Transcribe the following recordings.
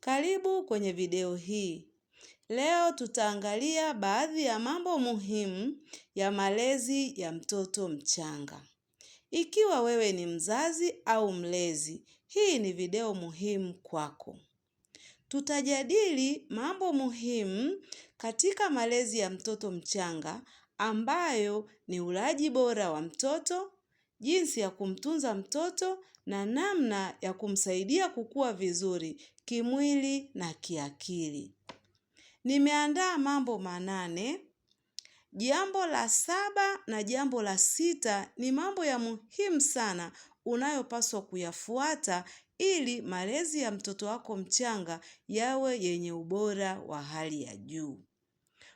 Karibu kwenye video hii. Leo tutaangalia baadhi ya mambo muhimu ya malezi ya mtoto mchanga. Ikiwa wewe ni mzazi au mlezi, hii ni video muhimu kwako. Tutajadili mambo muhimu katika malezi ya mtoto mchanga ambayo ni ulaji bora wa mtoto, jinsi ya kumtunza mtoto na namna ya kumsaidia kukua vizuri kimwili na kiakili. Nimeandaa mambo manane. Jambo la saba na jambo la sita ni mambo ya muhimu sana unayopaswa kuyafuata ili malezi ya mtoto wako mchanga yawe yenye ubora wa hali ya juu.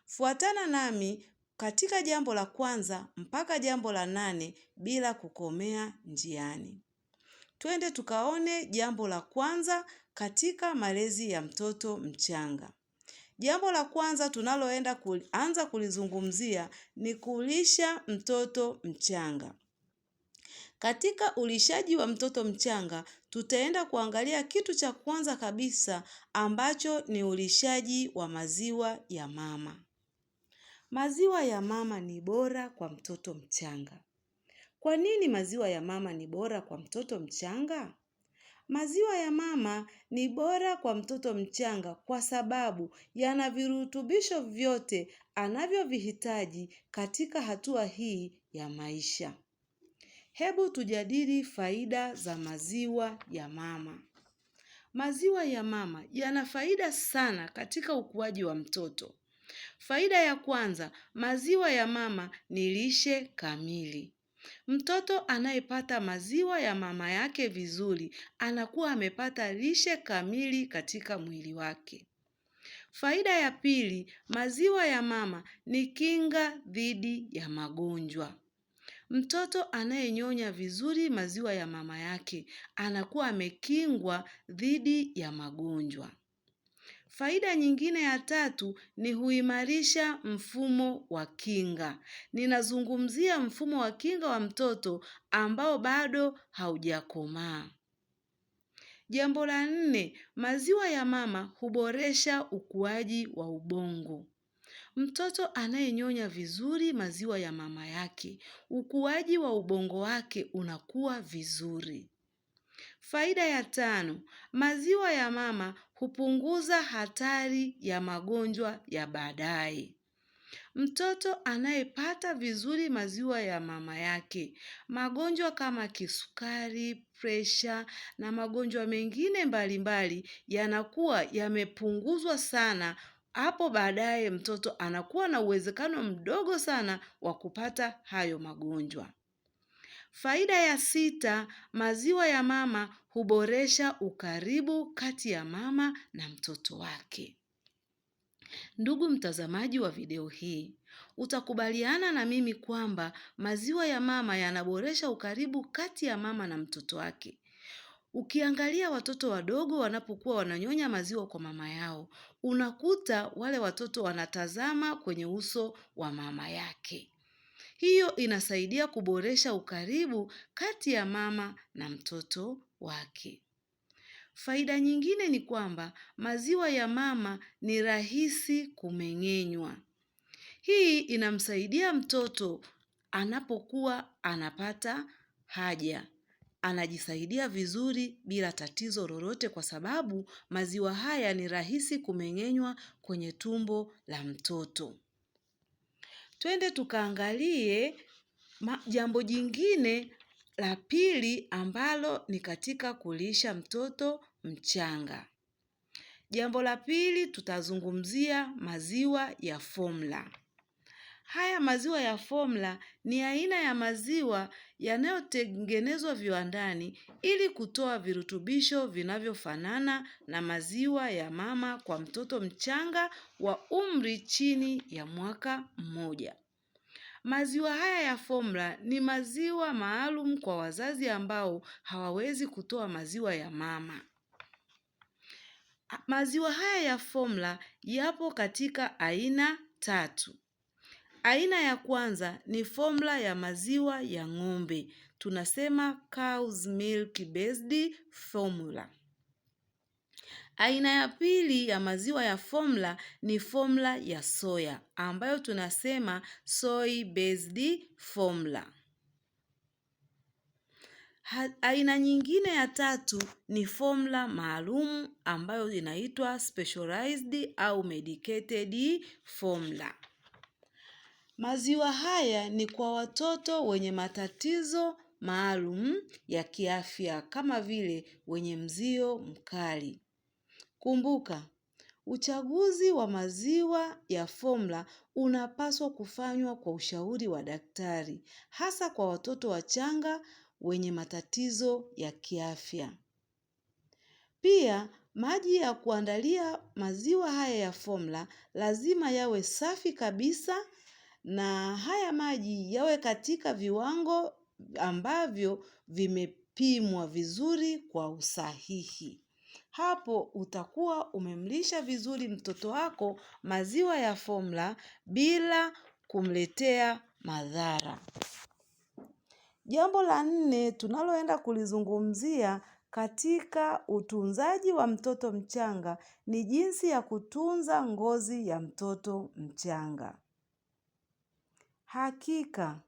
Fuatana nami katika jambo la kwanza mpaka jambo la nane bila kukomea njiani. Twende tukaone jambo la kwanza katika malezi ya mtoto mchanga. Jambo la kwanza tunaloenda kuanza kulizungumzia ni kulisha mtoto mchanga. Katika ulishaji wa mtoto mchanga, tutaenda kuangalia kitu cha kwanza kabisa ambacho ni ulishaji wa maziwa ya mama. Maziwa ya mama ni bora kwa mtoto mchanga. Kwa nini maziwa ya mama ni bora kwa mtoto mchanga? Maziwa ya mama ni bora kwa mtoto mchanga kwa sababu yana virutubisho vyote anavyovihitaji katika hatua hii ya maisha. Hebu tujadili faida za maziwa ya mama. Maziwa ya mama yana faida sana katika ukuaji wa mtoto. Faida ya kwanza, maziwa ya mama ni lishe kamili. Mtoto anayepata maziwa ya mama yake vizuri anakuwa amepata lishe kamili katika mwili wake. Faida ya pili, maziwa ya mama ni kinga dhidi ya magonjwa. Mtoto anayenyonya vizuri maziwa ya mama yake anakuwa amekingwa dhidi ya magonjwa. Faida nyingine ya tatu ni huimarisha mfumo wa kinga. Ninazungumzia mfumo wa kinga wa mtoto ambao bado haujakomaa. Jambo la nne, maziwa ya mama huboresha ukuaji wa ubongo. Mtoto anayenyonya vizuri maziwa ya mama yake, ukuaji wa ubongo wake unakuwa vizuri. Faida ya tano, maziwa ya mama hupunguza hatari ya magonjwa ya baadaye. Mtoto anayepata vizuri maziwa ya mama yake, magonjwa kama kisukari, presha na magonjwa mengine mbalimbali yanakuwa yamepunguzwa sana. Hapo baadaye mtoto anakuwa na uwezekano mdogo sana wa kupata hayo magonjwa. Faida ya sita, maziwa ya mama huboresha ukaribu kati ya mama na mtoto wake. Ndugu mtazamaji wa video hii, utakubaliana na mimi kwamba maziwa ya mama yanaboresha ukaribu kati ya mama na mtoto wake. Ukiangalia watoto wadogo wanapokuwa wananyonya maziwa kwa mama yao, unakuta wale watoto wanatazama kwenye uso wa mama yake. Hiyo inasaidia kuboresha ukaribu kati ya mama na mtoto wake. Faida nyingine ni kwamba maziwa ya mama ni rahisi kumeng'enywa. Hii inamsaidia mtoto anapokuwa anapata haja. Anajisaidia vizuri bila tatizo lolote kwa sababu maziwa haya ni rahisi kumeng'enywa kwenye tumbo la mtoto. Twende tukaangalie jambo jingine la pili ambalo ni katika kulisha mtoto mchanga. Jambo la pili tutazungumzia maziwa ya fomula. Haya maziwa ya formula ni aina ya maziwa yanayotengenezwa viwandani ili kutoa virutubisho vinavyofanana na maziwa ya mama kwa mtoto mchanga wa umri chini ya mwaka mmoja. Maziwa haya ya formula ni maziwa maalum kwa wazazi ambao hawawezi kutoa maziwa ya mama. Maziwa haya ya formula yapo katika aina tatu. Aina ya kwanza ni formula ya maziwa ya ng'ombe, tunasema cows milk based formula. Aina ya pili ya maziwa ya formula ni formula ya soya ambayo tunasema soy based formula. Aina nyingine ya tatu ni formula maalum ambayo inaitwa specialized au medicated formula. Maziwa haya ni kwa watoto wenye matatizo maalum ya kiafya kama vile wenye mzio mkali. Kumbuka, uchaguzi wa maziwa ya fomula unapaswa kufanywa kwa ushauri wa daktari, hasa kwa watoto wachanga wenye matatizo ya kiafya. Pia, maji ya kuandalia maziwa haya ya fomula lazima yawe safi kabisa na haya maji yawe katika viwango ambavyo vimepimwa vizuri kwa usahihi. Hapo utakuwa umemlisha vizuri mtoto wako maziwa ya fomula bila kumletea madhara. Jambo la nne tunaloenda kulizungumzia katika utunzaji wa mtoto mchanga ni jinsi ya kutunza ngozi ya mtoto mchanga. Hakika,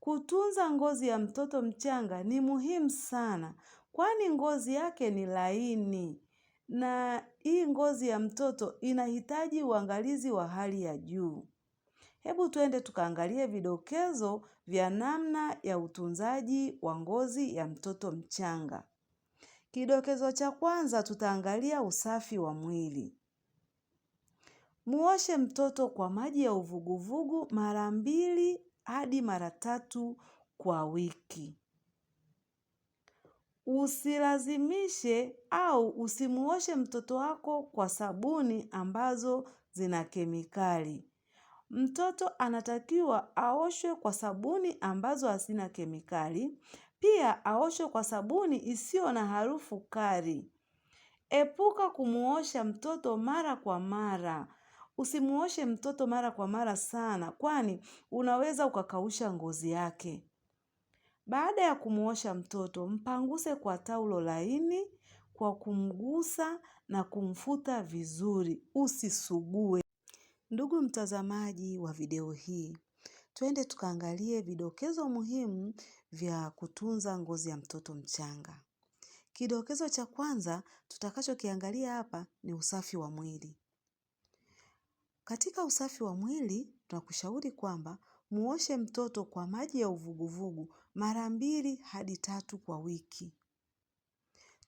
kutunza ngozi ya mtoto mchanga ni muhimu sana kwani ngozi yake ni laini na hii ngozi ya mtoto inahitaji uangalizi wa hali ya juu. Hebu twende tukaangalie vidokezo vya namna ya utunzaji wa ngozi ya mtoto mchanga. Kidokezo cha kwanza tutaangalia usafi wa mwili. Muoshe mtoto kwa maji ya uvuguvugu mara mbili hadi mara tatu kwa wiki. Usilazimishe au usimuoshe mtoto wako kwa sabuni ambazo zina kemikali. Mtoto anatakiwa aoshwe kwa sabuni ambazo hazina kemikali, pia aoshwe kwa sabuni isiyo na harufu kali. Epuka kumuosha mtoto mara kwa mara Usimuoshe mtoto mara kwa mara sana, kwani unaweza ukakausha ngozi yake. Baada ya kumuosha mtoto, mpanguse kwa taulo laini kwa kumgusa na kumfuta vizuri. Usisugue. Ndugu mtazamaji wa video hii, twende tukaangalie vidokezo muhimu vya kutunza ngozi ya mtoto mchanga. Kidokezo cha kwanza tutakachokiangalia hapa ni usafi wa mwili. Katika usafi wa mwili, tunakushauri kwamba muoshe mtoto kwa maji ya uvuguvugu mara mbili hadi tatu kwa wiki.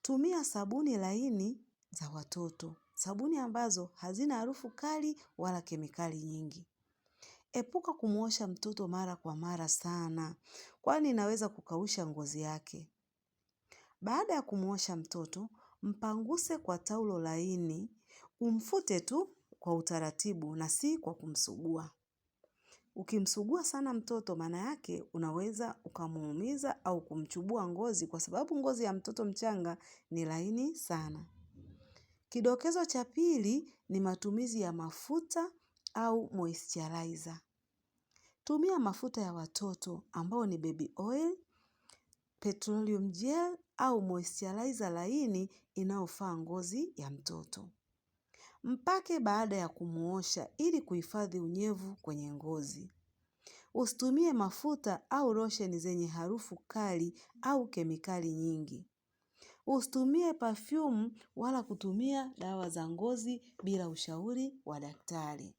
Tumia sabuni laini za watoto. Sabuni ambazo hazina harufu kali wala kemikali nyingi. Epuka kumuosha mtoto mara kwa mara sana, kwani inaweza kukausha ngozi yake. Baada ya kumuosha mtoto, mpanguse kwa taulo laini, umfute tu kwa utaratibu na si kwa kumsugua. Ukimsugua sana mtoto maana yake unaweza ukamuumiza au kumchubua ngozi kwa sababu ngozi ya mtoto mchanga ni laini sana. Kidokezo cha pili ni matumizi ya mafuta au moisturizer. Tumia mafuta ya watoto ambao ni baby oil, petroleum gel au moisturizer laini inaofaa ngozi ya mtoto. Mpake baada ya kumuosha ili kuhifadhi unyevu kwenye ngozi. Usitumie mafuta au losheni zenye harufu kali au kemikali nyingi. Usitumie pafyumu wala kutumia dawa za ngozi bila ushauri wa daktari.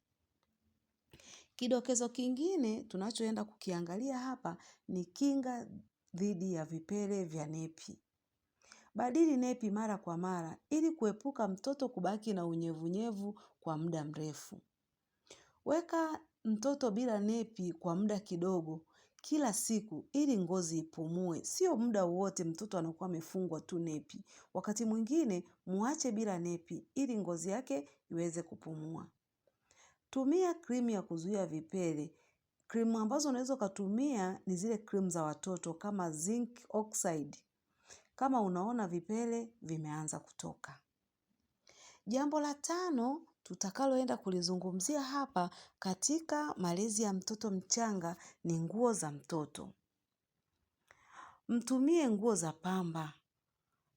Kidokezo kingine tunachoenda kukiangalia hapa ni kinga dhidi ya vipele vya nepi. Badili nepi mara kwa mara ili kuepuka mtoto kubaki na unyevunyevu kwa muda mrefu. Weka mtoto bila nepi kwa muda kidogo kila siku ili ngozi ipumue. Sio muda wote mtoto anakuwa amefungwa tu nepi. Wakati mwingine muache bila nepi ili ngozi yake iweze kupumua. Tumia krimu ya kuzuia vipele. Krimu ambazo unaweza ukatumia ni zile krimu za watoto kama zinc oxide kama unaona vipele vimeanza kutoka. Jambo la tano tutakaloenda kulizungumzia hapa katika malezi ya mtoto mchanga ni nguo za mtoto. Mtumie nguo za pamba,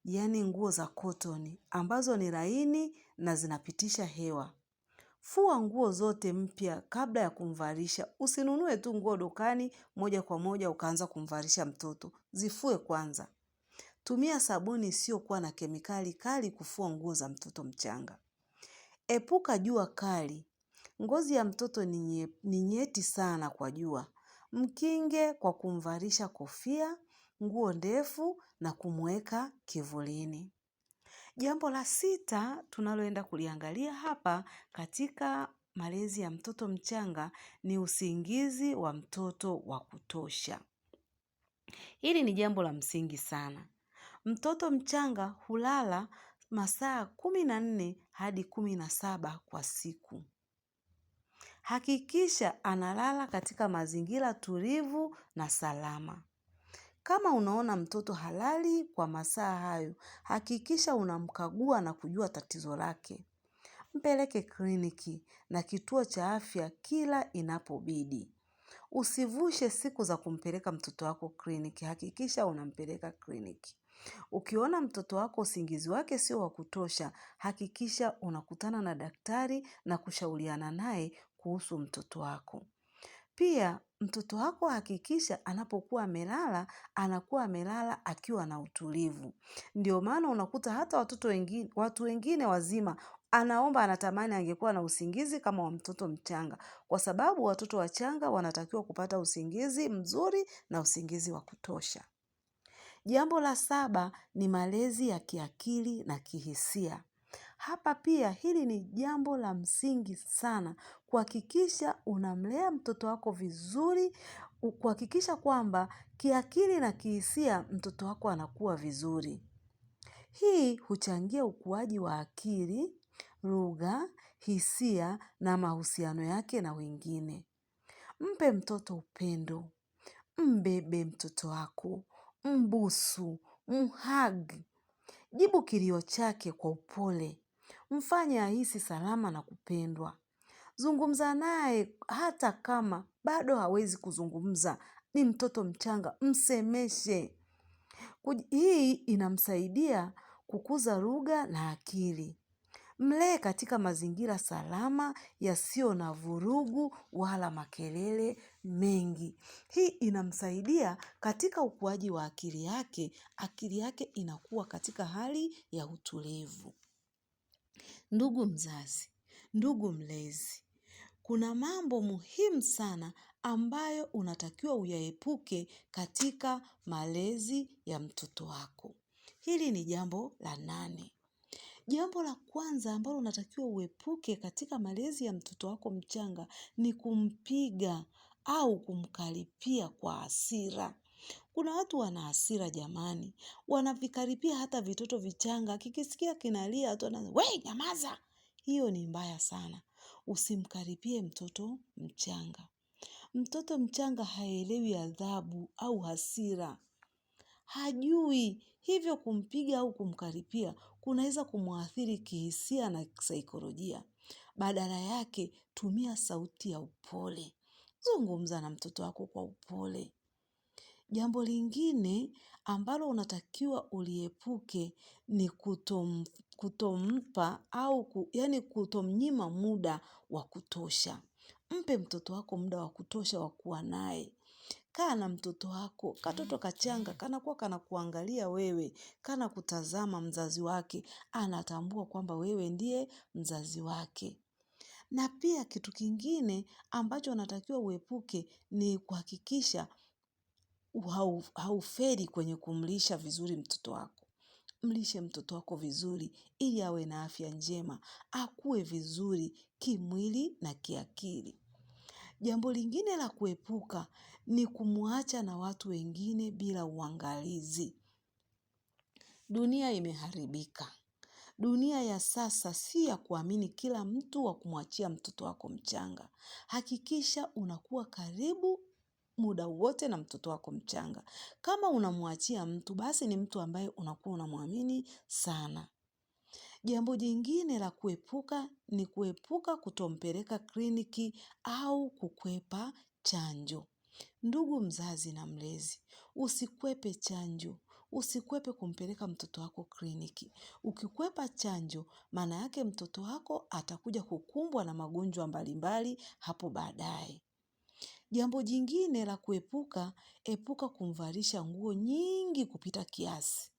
yaani nguo za kotoni ambazo ni laini na zinapitisha hewa. Fua nguo zote mpya kabla ya kumvalisha. Usinunue tu nguo dukani moja kwa moja ukaanza kumvalisha mtoto. Zifue kwanza. Tumia sabuni isiyokuwa na kemikali kali kufua nguo za mtoto mchanga. Epuka jua kali. Ngozi ya mtoto ni, nye, ni nyeti sana kwa jua. Mkinge kwa kumvalisha kofia, nguo ndefu na kumweka kivulini. Jambo la sita tunaloenda kuliangalia hapa katika malezi ya mtoto mchanga ni usingizi wa mtoto wa kutosha. Hili ni jambo la msingi sana. Mtoto mchanga hulala masaa kumi na nne hadi kumi na saba kwa siku. Hakikisha analala katika mazingira tulivu na salama. Kama unaona mtoto halali kwa masaa hayo, hakikisha unamkagua na kujua tatizo lake. Mpeleke kliniki na kituo cha afya kila inapobidi. Usivushe siku za kumpeleka mtoto wako kliniki. Hakikisha unampeleka kliniki. Ukiona mtoto wako usingizi wake sio wa kutosha, hakikisha unakutana na daktari na kushauriana naye kuhusu mtoto wako. Pia mtoto wako hakikisha anapokuwa amelala, anakuwa amelala akiwa na utulivu. Ndio maana unakuta hata watoto wengine, watu wengine wazima anaomba anatamani angekuwa na usingizi kama wa mtoto mchanga, kwa sababu watoto wachanga wanatakiwa kupata usingizi mzuri na usingizi wa kutosha. Jambo la saba ni malezi ya kiakili na kihisia. Hapa pia hili ni jambo la msingi sana kuhakikisha unamlea mtoto wako vizuri, kuhakikisha kwamba kiakili na kihisia mtoto wako anakuwa vizuri. Hii huchangia ukuaji wa akili, lugha, hisia na mahusiano yake na wengine. Mpe mtoto upendo. Mbebe mtoto wako mbusu, mhag Jibu kilio chake kwa upole, mfanye ahisi salama na kupendwa. Zungumza naye hata kama bado hawezi kuzungumza, ni mtoto mchanga, msemeshe. Hii inamsaidia kukuza lugha na akili. Mlee katika mazingira salama yasiyo na vurugu wala makelele mengi. Hii inamsaidia katika ukuaji wa akili yake, akili yake inakuwa katika hali ya utulivu. Ndugu mzazi, ndugu mlezi, kuna mambo muhimu sana ambayo unatakiwa uyaepuke katika malezi ya mtoto wako. Hili ni jambo la nane. Jambo la kwanza ambalo unatakiwa uepuke katika malezi ya mtoto wako mchanga ni kumpiga au kumkaripia kwa hasira. Kuna watu wana hasira jamani, wanavikaripia hata vitoto vichanga, kikisikia kinalia tu anaanza, we nyamaza. Hiyo ni mbaya sana. Usimkaripie mtoto mchanga. Mtoto mchanga haelewi adhabu au hasira. Hajui hivyo kumpiga au kumkaripia kunaweza kumwathiri kihisia na kisaikolojia. Badala yake, tumia sauti ya upole. Zungumza na mtoto wako kwa upole. Jambo lingine ambalo unatakiwa uliepuke ni kutom, kutompa au yani kutomnyima muda wa kutosha. Mpe mtoto wako muda wa kutosha wa kuwa naye. Kaa na mtoto wako, katoto mm. kachanga, kanakuwa kanakuangalia wewe, kana kutazama mzazi wake, anatambua kwamba wewe ndiye mzazi wake. Na pia kitu kingine ambacho anatakiwa uepuke ni kuhakikisha hauferi kwenye kumlisha vizuri mtoto wako. Mlishe mtoto wako vizuri ili awe na afya njema, akue vizuri kimwili na kiakili. Jambo lingine la kuepuka ni kumwacha na watu wengine bila uangalizi. Dunia imeharibika. Dunia ya sasa si ya kuamini kila mtu wa kumwachia mtoto wako mchanga. Hakikisha unakuwa karibu muda wote na mtoto wako mchanga. Kama unamwachia mtu, basi ni mtu ambaye unakuwa unamwamini sana. Jambo jingine la kuepuka ni kuepuka kutompeleka kliniki au kukwepa chanjo. Ndugu mzazi na mlezi, usikwepe chanjo, usikwepe kumpeleka mtoto wako kliniki. Ukikwepa chanjo, maana yake mtoto wako atakuja kukumbwa na magonjwa mbalimbali hapo baadaye. Jambo jingine la kuepuka, epuka kumvalisha nguo nyingi kupita kiasi.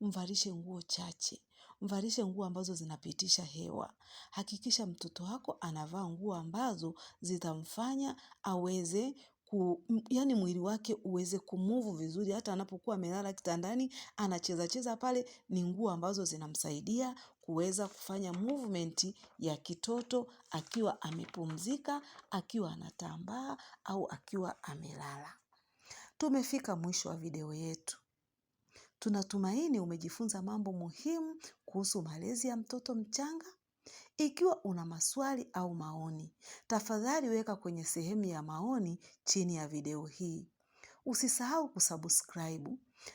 Mvalishe nguo chache, mvalishe nguo ambazo zinapitisha hewa. Hakikisha mtoto wako anavaa nguo ambazo zitamfanya aweze ku, yani mwili wake uweze kumuvu vizuri. Hata anapokuwa amelala kitandani anacheza cheza pale, ni nguo ambazo zinamsaidia kuweza kufanya movement ya kitoto akiwa amepumzika, akiwa anatambaa au akiwa amelala. Tumefika mwisho wa video yetu. Tunatumaini umejifunza mambo muhimu kuhusu malezi ya mtoto mchanga ikiwa una maswali au maoni, tafadhali weka kwenye sehemu ya maoni chini ya video hii. Usisahau kusubscribe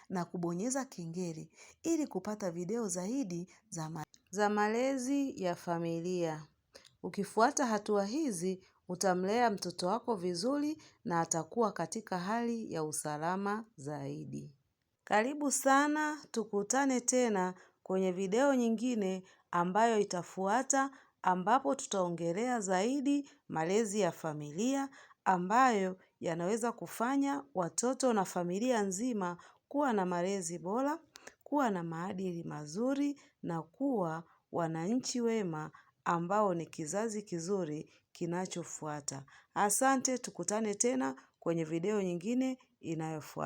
na kubonyeza kengele ili kupata video zaidi za, ma za malezi ya familia. Ukifuata hatua hizi, utamlea mtoto wako vizuri na atakuwa katika hali ya usalama zaidi. Karibu sana, tukutane tena kwenye video nyingine ambayo itafuata ambapo tutaongelea zaidi malezi ya familia ambayo yanaweza kufanya watoto na familia nzima kuwa na malezi bora, kuwa na maadili mazuri na kuwa wananchi wema ambao ni kizazi kizuri kinachofuata. Asante tukutane tena kwenye video nyingine inayofuata.